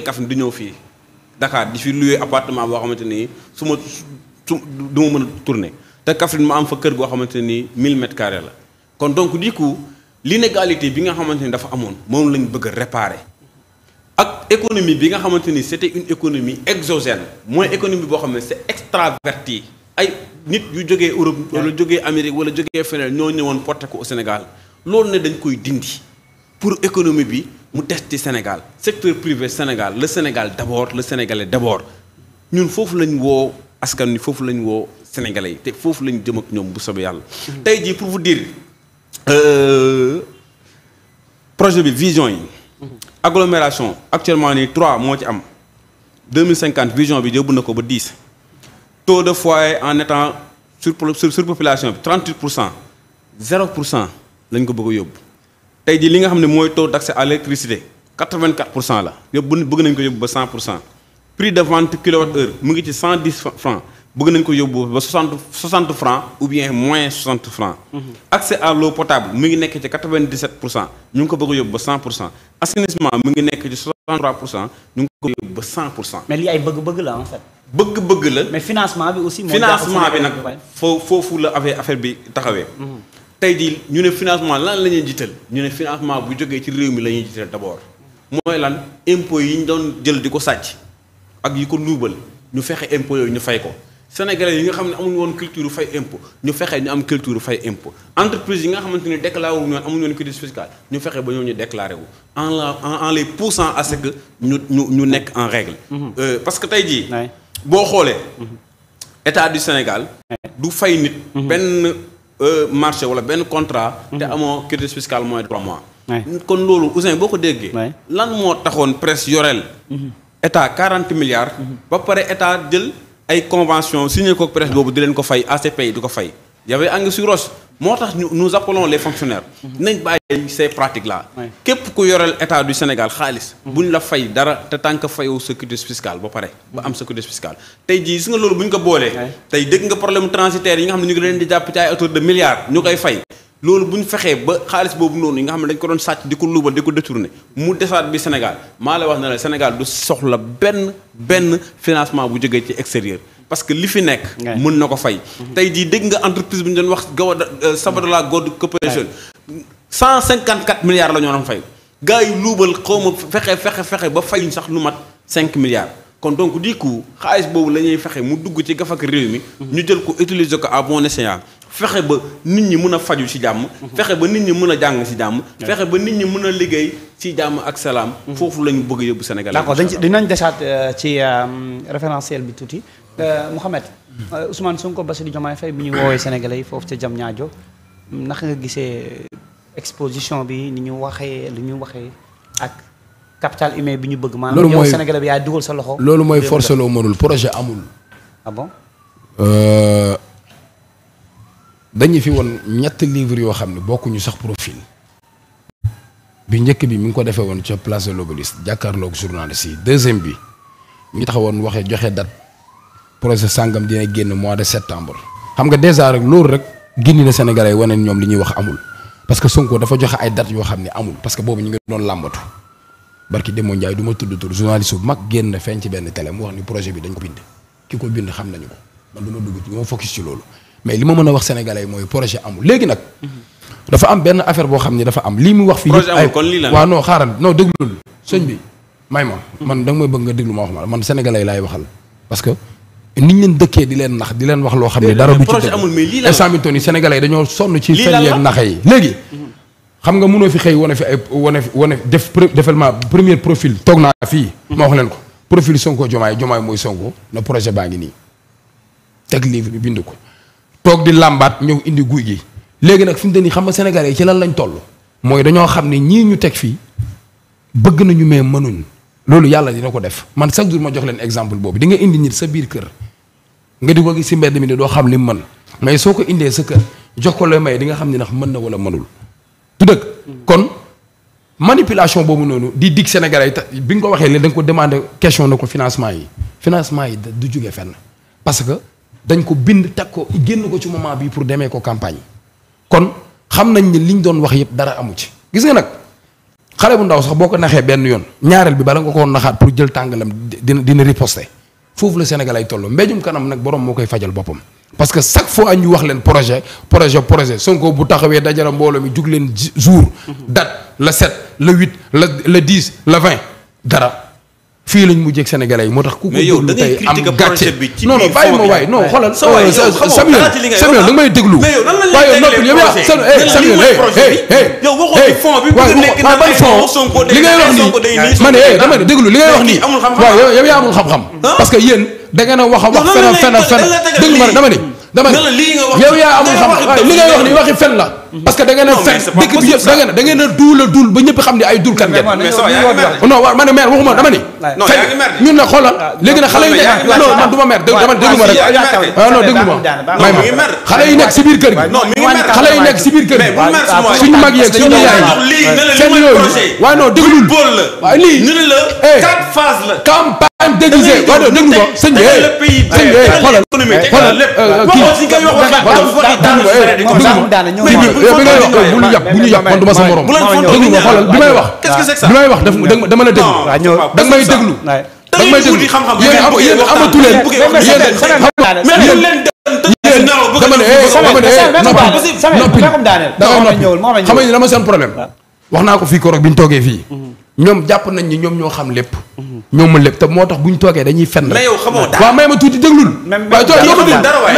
Kaffrine du ñëw fii Dakar di fi loué apartement boo xamante nii suma ma su du ma mën te Kaffrine ma am fa kër goo xamante nii 1000 carré la kon donc du coup l'inégalité bi nga xamante ni dafa amoon moom lañ bëgg a réparer ak économie bi nga xamante ni c'était une économie exogène mooy économie boo xam ne c'est extraverti ay nit yu jógee Europe wala jógee Amérique wala jógee feneen ñoo ñëwoon porté ko au Sénégal loolu ne dañ koy dindi pour économie bi mu des ci Sénégal secteur privé Sénégal le Sénégal d'abord le Sénégalais d'abord ñun foofu lañ woo askan wi foofu lañ woo Sénégalais yi te foofu lañ jëm ak ñoom bu soobee yàlla. Mhm. tey jii pour vous dire euh, projet bi vision yi. Mhm. agglomération actuellement nii trois moo ci am deux mille cinquante vision bi yóbbu na ko ba dix. taux de foyer en étant sur sur surpopulation bi trente huit pour cent zéro pour cent lañ ko bëgg a yóbbu. tey jii li nga xam ne mooy taux d' accès à l' électricité 84 pour cent la yóbbu bëgg nañ ko yóbbu ba 100 pour cent prix de vente kilowatt heure mu ngi ci 110 francs bëgg nañ ko yóbbu ba 60 60 francs mhm. accès à l'eau potable mu ngi nekk ci 97 pour cent ñu ngi ko bëgg a yóbbu ba 100 pour cent assainissement mu ngi nekk ci 63 ñu ngi ko yóbbu ba 100 pour cent. mais lii ay bëgg-bëgg la bëgg-bëgg la. financement bi aussi. moo financement bi nag foo foofu la affaire bi taxawee. Mhm. tey jii ñu ne financement lan la ñuy jiital ñu ne financement bu jógee ci réew mi la ñuy jiital mooy lan impôts yi ñu doon jël di ko sàcc ak yi ko luubal ñu fexe impôts yooyu ñu fay ko sénégalais yi nga xam ne amuñu woon culture fay impôt ñu fexe ñu am culture fay impôt entreprise yi nga xamante ne déclaré wu ñu woon amuñu woon culture fiscale ñu fexe ba ñoo ñu déclaré wu en la en les poussant à ce que ñu ñu ñu nekk en règle mhm. euh, parce que tey jii boo xoolee mhm. état du Sénégal du fay nit mhm. E marché wala benn contrat. te mhm. amoo crédit fiscal mooy trois mois. kon loolu Ousseyn boo ko déggee. lan moo taxoon presse yoreel. Mhm. état quarante milliards. Mhm. ba pare état jël ay convention signé ko presse boobu di leen ko fay ACP yi du ko fay. y avait anguille sous moo tax nous appelons les fonctionnaires nañ bàyyi ces pratiques là képp ku yoreel état du Sénégal xaalis buñ la fay dara te tànk fayoo sécurité fiscale ba pare ba am sécurité fiscale tey jii su nga loolu bu ñu ko boolee tey dégg nga problème transitaire yi nga xam ne ñu ngi leen di jàpp ci ay autour de milliards ñu koy fay loolu bu ñu fexee ba xaalis boobu noonu yi nga xam ne dañ ko doon sàcc di ko luubal di ko détourné mu desaat bi Sénégal maa la wax na la Sénégal du soxla benn benn financement bu jógee ci extérieur parce que li fi nekk. mën na ko fay. Mhm. tey jii dégg nga entreprise bu ñu doon wax gawa euh, Sabodala Gold Corporation. 154 milliards la ñu doon fay. gars yi luubal xaw ma fexe fexe fexe ba fayuñ sax lu mat cinq milliards. kon donc du xaalis boobu la ñuy fexe mu dugg ci gafak réew mi. Mhm. ñu jël ko utiliser ko à bon escient. fexe ba nit ñi mën a faju ci jàmm mhm. fexe ba nit ñi mën a jàng ci jàmm fexe ba nit ñi mën a liggéey ci jàmm ak salaam mhm. foofu lañu bëgg yóbbu Sénégal dinañ desaat euh, ci euh, référentiel bi tuuti euh, Mouhamed mhm. Ousmane Sonko Bassirou Diomaye Faye bi ñu woowee Sénégalais yi foofu ca jam ñaajo ndax nga gisee exposition bi ni ñu waxee li ñu waxee ak capital humain bi ñu bëgg maanaam yow Sénégalais bi yaa dugal sa loxo loolu mooy force loo mënul projet amul ah dañu fi woon ñett livre yoo xam ne bokkuñu sax profil bi njëkk bi mi ngi ko defee woon ca place de l'Obélisque jàkkaarloog journaliste yi deuxième bi ñu ngi woon waxee joxe date projet sàngam dina génn mois de septembre. xam nga dèjà rek loolu rek gindi na Sénégalais yi waneen ñoom li ñuy wax amul parce que Sonko dafa joxe ay date yoo xam ne amul parce que boobu ñu ngi doon làmbatu barki Demba Ndiaye du ma tudd tur journaliste bu mag génn feeñ ci benn télé mu wax ni projet bi dañ ko bind ki ko bind xam nañu ko man du ma dugg ci ma loolu. mais li ma mën a wax yi mooy projet amul léegi nag. dafa am benn affaire boo xam ne dafa am lii mu wax. fii projet amul kon lii la waaw non xaaral non déglul sëñ bi may ma. man danga may bëgg nga déglu ma wax ma man sénégalais laay waxal parce que. niñ leen dëkkee di leen nax di leen wax loo xam ne dara du ci dëgg instant bi toni sénégalais dañoo sonn ci fen yeeg naxe yi léegi xam nga mënoo fi xëy wane fi ay wane wane def defal ma profile profil toog naa fii ma wax leen ko profil Sonko Jomaay Jomaay mooy Sonko na projet baa ngi nii teg bi bind ko toog di làmbaat ñëw indi guy gi léegi nag fi mu ne nii xam nga sénégalais yi ci lan lañ toll mooy dañoo xam ne ñii ñu teg fii bëgg nañu mais mënuñ loolu yàlla dina ko def man chaque jour ma jox leen exemple boobu di nga indi nit sa biir kër nga di ko gis si mbedd mi ne doo xam li mën mais soo ko indee sa kër jox ko lay may di nga xam ne ndax mën na wala mënul du dëgg kon manipulation boobu noonu di digg sénégalais yi bi nga ko waxee léegi da ko demandé question na ko financement yi financement yi du jóge fenn dañ ko bind teg ko génn ko ci moment bii pour demee ko campagne kon xam nañ li ñu doon wax yëpp dara amu ci gis nga nag xale bu ndaw sax boo ko naxee benn yoon ñaareel bi bala nga ko naxaat pour jël tàngalam dina dina riposter foofu la Sénégal ay toll mbéjum kanam nag borom moo koy fajal boppam. parce que chaque fois ñu wax leen projet projet projet Sonko bu taxawee dajara mbooloo mi jug leen jour date le 7 le 8 la le 10 le 20 dara. fii lañ mu ak sénégalais yi moo tax ku ko déglu tey am gàcce non non bàyyi ma euh, euh, waaye noppi yow yaa Samuel waaw ban li wax déglu li ngay wax nii waaw yow yaa amul xam-xam parce que yéen da ngeen a wax a wax fena fena déglu ma dama ne dama yaa amul xam-xam li ngay wax nii waxi fen la parce que da ngeen a fekk dëkk yëpp da ngeen a da ngeen a duula ba ñëpp xam ne ay dul kan ngeen non waaw man ne maire waxuma dama ni fekk ñun nag xoolal léegi nag xale yi nekk si biir kër gi xale yi nekk si biir kër gi suñu mag yeeg suñu yaay seen yooyu waaye non déglul waaye lii eh campagne am déguisé waaw déglu ko sëñ bi eh, sëñ bi eh, eh, xoolal xoolal kii bu ñu yàq bu ñu yàq man du ma sa morom déglu ko xoolal bi may wax bi may wax daf dama la déglu da nga may déglu da nga may déglu yéen amatu leen yéen dama ne dama ne noppil dama noppil xam nga dama seen problème wax naa ko fii koroog bi ñu toogee fii mm-hmm. ñoom jàpp nañ ni ñoom ñoo xam lépp. Mhm. ñoo mën lépp te moo tax bu ñu toogee dañuy fen rek. mais yow xamoo dara waaw may ma tuuti déglul. même même dara waaye même dara waaye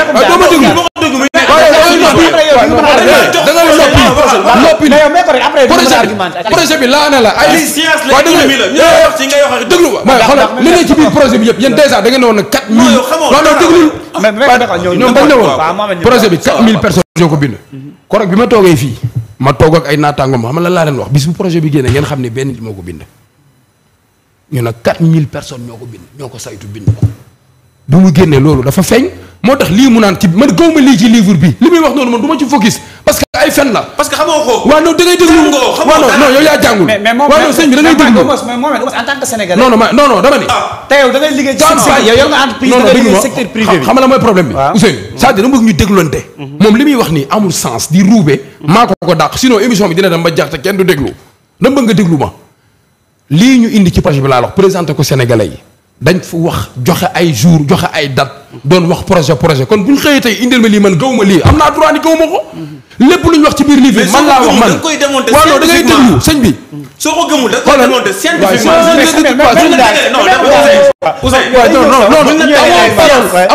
même projet bi laa ne la ay. waaw déglu ma xoolal li ne ci biir projet bi yëpp yéen dèjà da ngeen ne woon nag 4000. Ah, waaw non déglul. même même ñoom bañ na woon projet bi 4000 personnes ñoo ko bind. Mhm. korog bi ma toogee fii. ma toog ak ay naataangoom xam la laa leen wax bis bu projet bi génne ngeen xam ne benn nit moo ko bind. ñu ne 4000 personnes ñoo ko bind ñoo ko saytu bind ko bu mu génnee loolu dafa feeñ moo tax lii mu naan ci man gaw ma lii ci livre bi li muy wax noonu man du ma ci focus parce que ay fen la. parce que xamoo ko. waaw non da ngay déglu waaw non non yow yaa jàngul. mais mais moom waaw non dama ni. Ah. te yow da ngay liggéey ci yow yor nga entreprise da bi. xam la mooy problème bi Ousseynou cest à dama bëgg ñu déglonte mhm. moom li muy wax nii amul sens di ruube maa ko ko dàq sinon émission bi dina dem ba kenn du déglu dama bëgg nga déglu ma lii ñu indi ci page bi laa wax présenté ko sénégalais yi dañ fa wax joxe ay jour joxe ay date doon wax projet projet kon bu ñu xëyee tey indil ma lii man gaw ma lii am naa droit ni gaw ma ko lépp lu ñu wax ci biir livre man laa wax man waaw non da ngay déglu sëñ bi soo ko gëmul da koy démonter scientifiquement amoo droit wax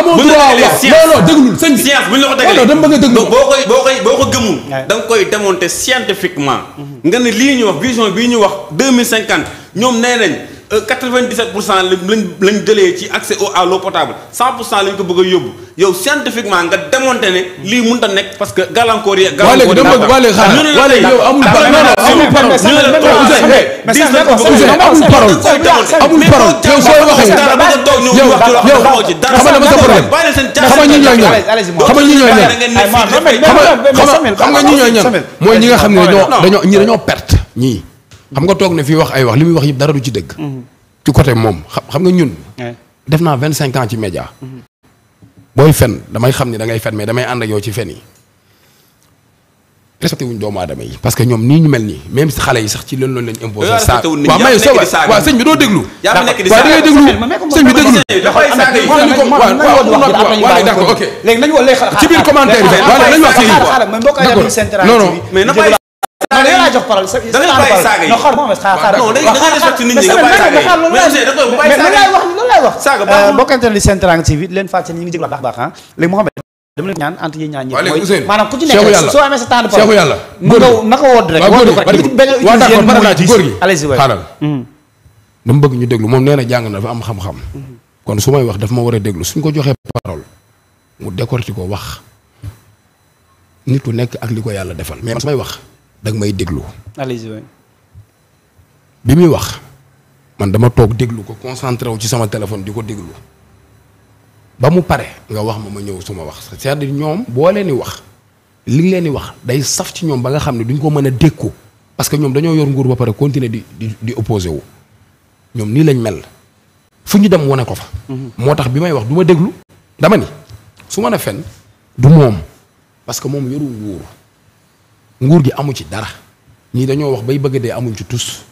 non non déglul sëñ bi science bu ñu la ko tegalee dama bëgg a déglu boo koy boo koy boo ko gëmul da nga koy démonter scientifiquement nga ne lii ñu wax vision bii ñu wax 2050 ñoom nee nañ 97 euh, pour cent lañ lañ lañ ci accès au à l'eau potable 100 ko bëgg a yóbbu yow scientifiquement nga démontré ne lii mënut nekk parce que gàllankoor yi. yi dafa waaye léegi yow amul ah, parole amul parole yow soo waxee yow yow xam nga ñi ñooy ñan mooy ñi nga xam ne dañoo dañoo ñi dañoo perte ñii. xam nga toog ne fi wax ay wax li muy wax yëpp dara du ci dëgg. ci côté moom xam xam nga ñun. def naa vingt cinq ans ci média. booy fen damay xam ni da ngay fen mais damay ànd ak yow fen yi. respecté wuñ doomu aadama yi parce que ñoom nii ñu mel nii même si xale yi sax ci loolu loolu lañ imposé saa waaw may sa waaw bi doo déglu waaw da déglu sëñ bi déglu ci biir commentaire yi waaw nañ wax ci non non da ngay laa jox parole sa da ngay bàyyi saaga yi non da ngay euh, leen fàttali ñu ngi jéglu baax baax ah léegi Mouhamed dama leen ñaan entre yéen ñaan yàlla nga naka wodd rek wodd ko a utiliser ci góor gi allez-y waay mm. bëgg ñu déglu moom nee na jàng na dafa am xam-xam kon su may wax daf ma war a déglu suñ ko joxee parole mu ci ko wax nit ku nekk ak li ko yàlla defal mais man su may wax da may déglu. allez bi muy wax man dama toog déglu ko concentré wu ci sama téléphone di ko déglu ba mu pare nga wax ma ma ñëw suma wax cest à ñoom boo leen di wax li ngi leen di wax day saf ci ñoom ba nga xam ne duñ ko mën a dékku parce que ñoom dañoo yor nguur ba pare continuer di di di opposé wu ñoom nii lañ mel fu ñu dem wane ko fa. Mhm. moo tax bi may wax du ma déglu. dama ni su ma ne fen du moom parce que moom yorul nguur. nguur gi amu ci dara ñii dañoo wax bay bëgg dee amuñ ci tus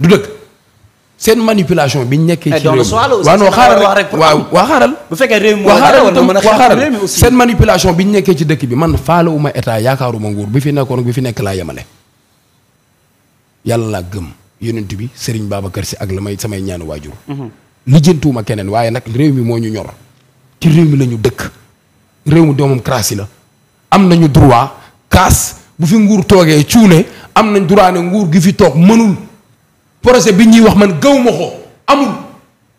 du dëgg seen manipulation bi ñu nekkee. Eh, ci réew mi bu fekkee réew mi moo bi ñu nekkee ci dëkk bi man faalewuma état yaakaaruma nguur bi fi nekkoon bi fi nekk laa yemale. yàlla gëm yonent bi Serigne Babacar Sy ak la may samay ñaanu waajur. Mhm. lijjantuwuma keneen waaye nag réew mi moo ñu ñor. ci réew mi la dëkk. réew mi doomam crasse la. am nañu droit kaas. bu fi nguur toogee cuune am nañ droit ne nguur gi fi toog mënul projet bi ñuy wax man gaw ma ko amul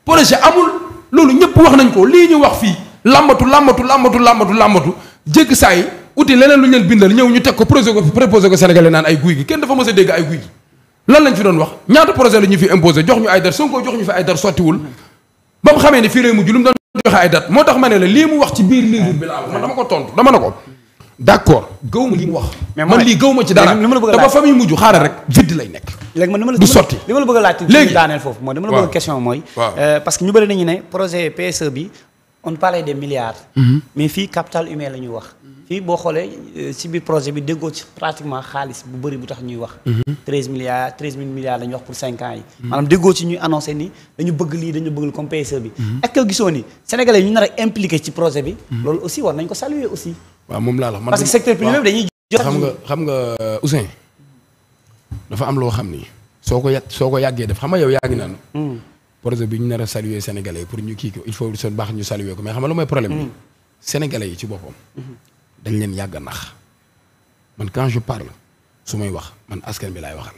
projet amul loolu ñëpp wax nañ ko lii ñu wax fii làmbatu làmbatu làmbatu làmbatu làmbatu jékki saa yi uti leneen lu ñu leen bindal ñëw ñu teg ko projet ko préposé ko sénégalais naan ay guy gi kenn dafa mës a dégg ay guy gi lan lañ fi doon wax ñaata projet la ñu fi imposé jox ñu ay dar Sonko jox ñu fi ay dar sottiwul ba mu xamee ne fii réew mu lu mu doon joxe moo tax ma ne la lii mu wax ci biir livre bi laa ko tontu dama ne ko d'accord gëwuma li mu wax. man lii gëwuma ci dara li ma la bëgg a laaj. léegi daaneel foofu mooy dama la bëgg a question mooy. Euh, parce que ñu bëri nañu ne mhm. wax. fii boo xoolee euh, ci biir projet bi déggoo ci pratiquement xaalis bu bëri bu tax ñuy wax. Mhm. treize milliards treize milliards la wax pour cinq ans yi. Mhm. maanaam déggoo ci ñuy annoncé ni dañu bëgg lii dañu bëgg comme PSE bi. ak gisoo ni sénégalais ñu nar a impliqué ci projet bi. loolu aussi waaw moom laa la man parce que secteur privé dañuy xam nga xam nga euh, Ousseyn dafa am loo xam ni soo ko yàgg soo ko yàggee def xam nga yow yaa ngi naan. Hmm. projet bi ñu nar a saluer sénégalais pour ñu kii ko il faut son baax ñu saluer ko mais xam nga lu mooy problème bi. Hmm. sénégalais yi ci boppam. Hmm. dañ leen yàgg a nax man quand je la su may wax man askan bi laay waxal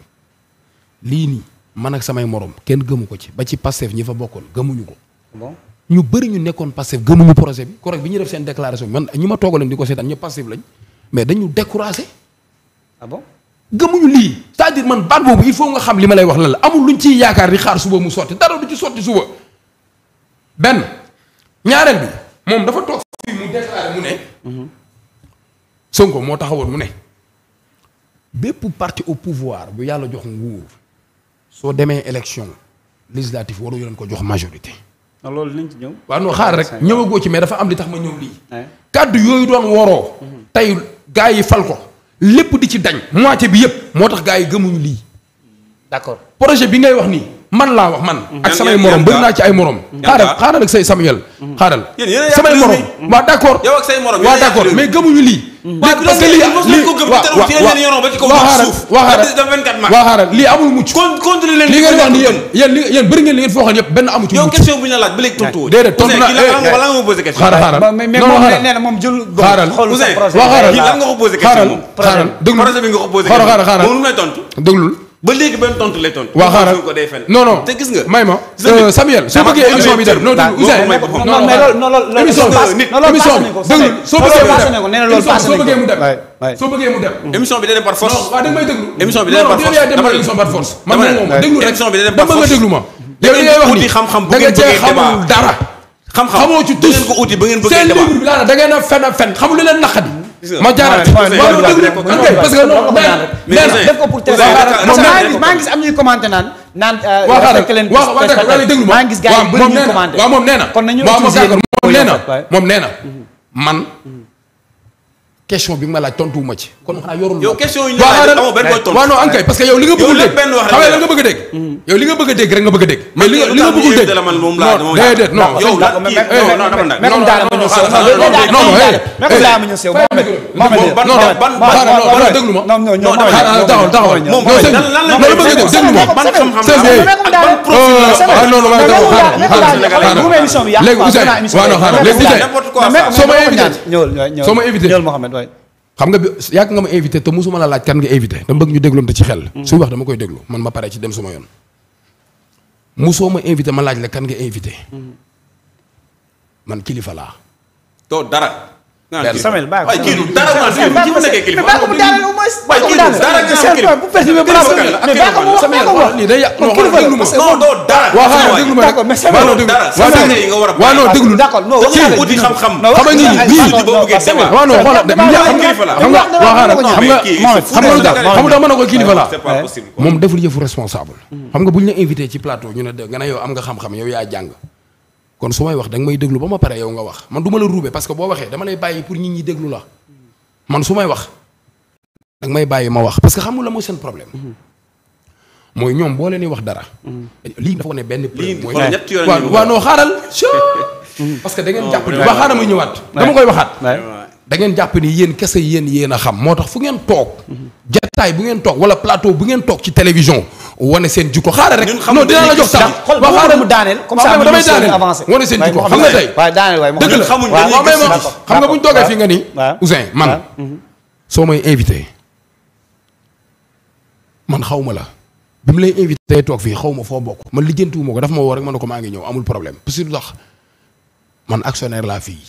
lii nii man ak samay morom kenn gëmu ko ci ba ci Pastef ñi fa bokkoon gëmuñu ko. ñu bëri ñu nekkoon Pastef gëmuñu projet bi correct bi ñuy def seen déclaration man ñi ma toogaleen di ko seetaan ñu Pastef lañ mais dañu découragé. ah bon gëmuñu lii. c'est-à-dire man baat boobu il faut nga xam li ma lay wax lan la amul luñ ciy yaakaar di xaar suba mu sotti dara du ci sotti suba benn ñaareel bi moom dafa toog fii mu déclaré mu ne. Mhm. Sonko moo taxawoon mu ne. bépp parti au pouvoir bu yàlla jox nguur soo demee élection législative waru leen ko jox majorité. Ah, loolu nañ ci ñëw. waaw non xaar rek ñëwagoo ci mais dafa am li tax ma ñëw lii. kàddu yooyu doon woroo. Mhm. tey gaa yi fal ko. lépp di ci dañ. moitié bi yëpp moo tax gaa yi gëmuñu lii. d'accord projet bi ngay wax nii. man laa wax man. Mm-hmm. ak samay morom bëri naa ci ay morom. xaaral xaaral mm-hmm. samay morom. waaw d'accord yow ak say gëmuñu lii. parce que lii lii waaw lii ngeen wax ngeen li ngeen foo xam benn amu ci mucc. tontu. na eh, xaaral xaaral xaaral xaaral ba léegi ba tontu lay tontu. waaw xaaral ko day fen. non non may ma Samuel soo bëggee émission bi dem soo bëggee mu mu dem. émission bi dem par force. waaw da nga xamul dara. xamoo ci tous seen livre bi laa da ngeen a fen a fen xamul lu leen naqadi ma jaaraat parce que non moom nee na kon moom nee na mhm. man question bi ma laaj tontuwuma ci. kon xanaa yorul yow parce que yow li nga bëgg a dégg xam nga nga bëgg a li nga bëgg a dégg rek nga bëgg a dégg. mais li nga li nga bëggul dégg soo ma invité xam nga bi yàgg nga ma invité te musuma la laaj kan nga invité dama bëgg ñu dégloonte ci xel. Mm. suy wax dama koy déglu man ma pare ci dem suma yoon. musoo ma invité ma laaj la kan nga invité. Mm. man kilifa laa. doo dara. Samuel baax waaye kii du dara ma ci ma nekkee kilifa waaye kii du dara nga xam kilifa bu perturbé bu la soxla mais baax ko wax ko wax li day non doo dara waaw déglu ma d'accord mais Samuel non déglu waaw ne nga war a waaw non déglu d'accord non wax nga wuti xam-xam xam nga ni lii boo bëggee dem waaw non xoolal de kilifa la xam nga xam nga xam nga lu tax xam nga mën na ko kilifa la moom deful yëfu responsable xam nga buñ la invité ci plateau ñu ne nga ne yow am nga xam-xam yow yaa jàng kon su may wax danga may déglu ba ma pare yow nga wax man du ma la ruube parce que boo waxee dama lay bàyyi pour nit ñi déglu la man su may wax da may bàyyi ma wax parce que xam nga la mooy seen problème. Mhm. mooy ñoom boo leen di wax dara. Mhm. lii dafa ne benn preuve mooy waaw waaw non xaaral. parce que da ngeen jàpp ni oh, ba xaaral ma ñëwaat. dama koy waxaat. dangeen jàpp ni yéen kese yéen yéen a xam moo tax fu ngeen toog. Mhm. jataay bu ngeen toog wala plateau bu ngeen toog ci télévision wane seen jikko xaaral rek. non dinaa la jox temps waaw xaaral mu daaneel. comme ça mu damay daaneel wane seen jikko xam nga bu ñu toogee fii nga ni. Ouzin man. Mhm. soo may invité man xaw ma la. bi mu lay invité toog fii xaw ma foo bokk. man lijjantiwu ma ko dafa ma woo rek ma ne ko maa ngi ñëw amul problème parce que ndax man actionnaire laa fii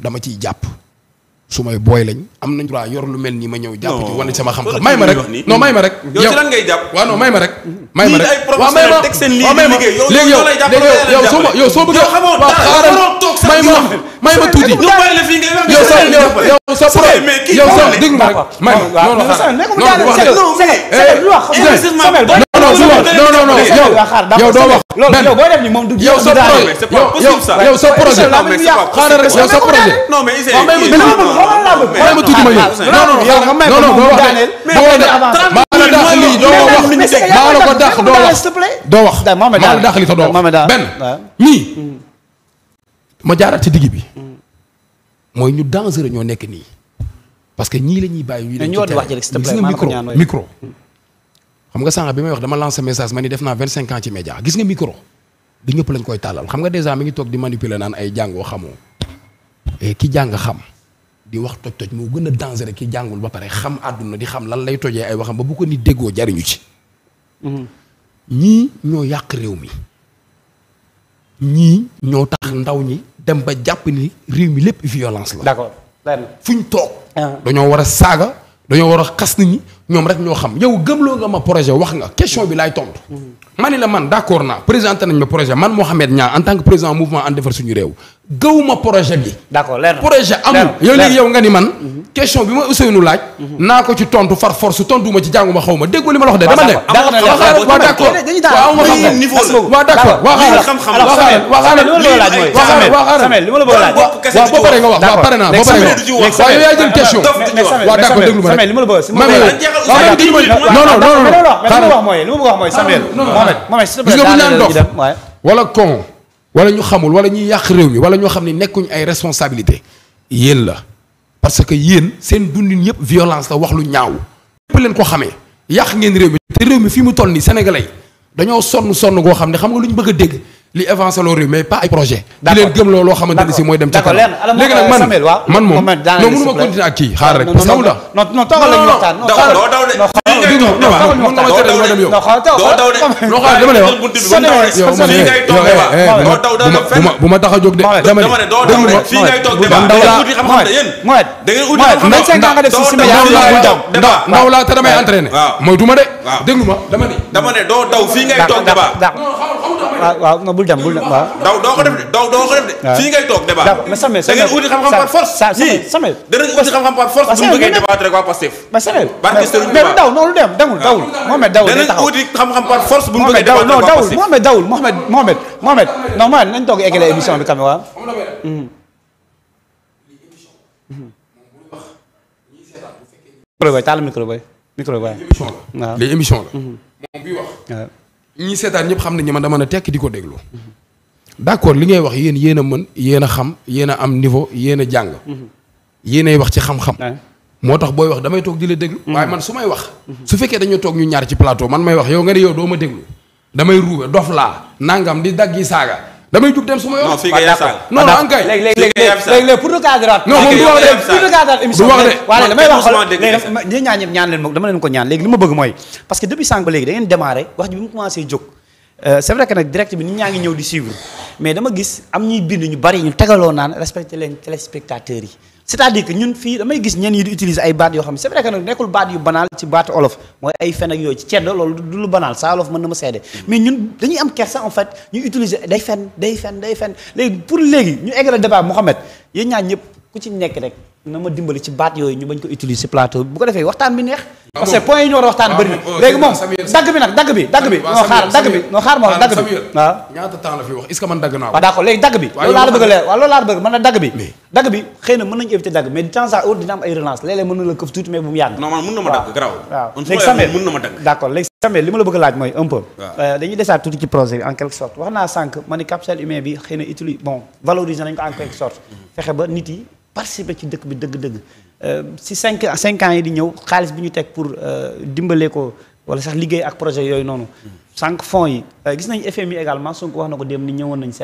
dama ciy jàpp. su may booy lañ am nañ droit yor lu mel nii ma ñëw jàpp ci wane sama xam-xam may ma rek non may ma rek yow ci lan ngay jàpp waaw non may ma rek may ma rek waaw may ma waaw may ma léegi yow léegi yow yow soo ma yow soo bëggee waaw xaaral may ma may ma tuuti yow yow sa pro yow sa dig ma rek. may ma non non xaaral non non non non non non ma jaaraat ci digg bi. mooy ñu dangereux ñoo nekk nii parce que ñii la ñuy bàyyi. ñu dem ci terrain gis nga micro micro. xam nga sànq bi may wax dama lancé message ma ni def naa vingt cinq ans ci média gis nga micro du ñëpp lañ koy tàllal xam nga dèjà mi ngi toog di manipuler naan ay jàngoo xamoo ki jàng xam di wax toj-toj moo gën a dangereux ki jàngul ba pare xam àdduna di xam lan lay tojee ay waxam ba bu ko ni déggoo jariñu ci. Mhm. ñii ñoo yàq réew mi ñii ñoo tax ndaw ñi. dem ba jàpp ni réew mi lépp violence la. d'accord fu ñu toog. Ah. dañoo war a saaga dañoo war a xas nit ñi ñoom rek ñoo xam yow gëmloo nga ma projet wax nga question bi laay tontu. Mm. ma ne la man d'accord naa présenté nañ ma projet man Mouhamed Niang en tant que président mouvement And Defar Suñu Réew. gëwuma projet bi. projet amul yow léegi yow nga ni man. Mm. question bi ma Ousseynou laaj. naa ko ci tontu far force tontu ma ci jànguma xaw ma dégg li ma la wax de. dama ne waaw d'accord waaw waaw d'accord waaw xam-xam li ma la bëgg a laaj. waaw boo paree nga wax waaw pare naa boo paree nga wax waaw yow yaa jël question. waaw d'accord déglu ma rek. ma non non non non non non wala kon wala ñu xamul wala ñuy yàq réew mi wala ñoo xam ne nekkuñ ay responsabilité yéen la parce que yéen seen dundin yëpp violence la wax lu ñaaw yëpp leen ko xame yàq ngeen réew mi te réew mi fi mu toll nii sénégalais dañoo sonn sonn goo xam ne xam nga lu ñu bëgg a dégg li avancé loo réew mais pas ay projet di leen gëm loo loo xamante ni si mooy dem ca kanam léegi nag man man moom non mënu ma continuer ak kii xaar rek parce que la non non toogal la ñu waxtaan non xaar non nga ma tere ma dem yow non xaar dama lay wax yow man yow ma bu ma tax a jóg de dama ne déglu ma fii ngay toog débat da ngeen uti xam-xam de yéen da ngeen uti xam-xam de 25 ans nga def si si média ndaw ndaw laa te damay entraîné moytu ma de déglu ma dama ne dama ne doo daw fii ngay toog débat waaw waaw non bul dem bul dem waaw. daw doo ko def de doo doo ko def de. fii ngay toog débat. mais Samé Samé da ngeen uti xam-xam par force. sa Samé ah. danañ uti xam-xam par force. bu ñu bëggee débattre rek waa Pastef. mais Samé mais daw noonu dem demul dawul. Mohamed dawul day taxaw danañ uti xam-xam par force bu ñu bëggee débattre non dawul Mohamed dawul Mohamed Mohamed Mohamed non Mohamed nañ toog eggale émission bi quand même waaw. micro bay taal micro bay micro bay waaw. lii émission la. moom bi wax. ñi seetaan ñëpp xam nañu ne man dama ne tekk di ko déglu. d'accord li ngay wax yéen yéen a mën yéen a xam yéen a am niveau yéen a jàng. yéenay wax ci xam-xam. moo tax booy wax damay toog di la déglu. Mm-hmm. waaye man su may wax. su fekkee dañu toog ñu ñaar ci plateau man may wax yow nga ne yow dooma ma déglu. damay ruube dof laa nangam di dagg yi saaga. damay jug dem su ma yoon. non fii nga yaay saal non non ankay. léegi léegi pour recadrer. non wax de pour recadrer émission. wax de waaye damay ñaan ñëpp ñaan leen ma dama leen ko ñaan léegi li ma bëgg mooy. parce que depuis sànq ba léegi da ngeen wax ji bi mu commencé jóg euh, c'est que nag direct bi nit ñaa ngi ñëw di suivre mais dama gis am ñuy bind ñu bari ñu tegaloo naan respecté leen téléspectateurs yi c'est-à-dire que ñun fii damay gis ñenn yi di utiliser ay baat yoo xam ne c'est vrai que nag nekkul baat yu banaal ci baatu olof mooy ay fen ak yooyu ci ceddo loolu du lu banaal saa olof mën na ma seede mais ñun dañuy am kersa en fait ñu utiliser day fen day fen day fen léegi pour léegi ñu egg la débat Mouhamed yéen ñaan ñëpp ku ci nekk rek na ma dimbali ci baat yooyu ñu bañ ko utiliser plateau bu ko defee waxtaan bi neex. Ah parce point yi ñu war a waxtaan ah bëri na oh, léegi moom dagg bi nag dagg bi noo ah, xaar dagg bi noo xaar moom dagg bi waaw. ñaata temps la fi dagg bi dagg bi dagg na mën nañu éviter dagg mais de temps à autre dina am ay relance léeg mën na la këf tuuti mais bu mu yàgg. léegi Samuel li ma la bëgg laaj mooy un peu euh, desaat tuuti ci projet bi en quelque sorte wax naa sànq mm-hmm. ba nit yi participer ci dëkk bi dëgg-dëgg euh, si cinq cinq ans yi di ñëw xaalis bi ñu teg pour euh, dimbalee ko wala sax liggéey ak projet yooyu noonu. sànq fonds yi euh, gis nañ FMI également Sonko wax na ko dem ni ñëwoon nañ seet.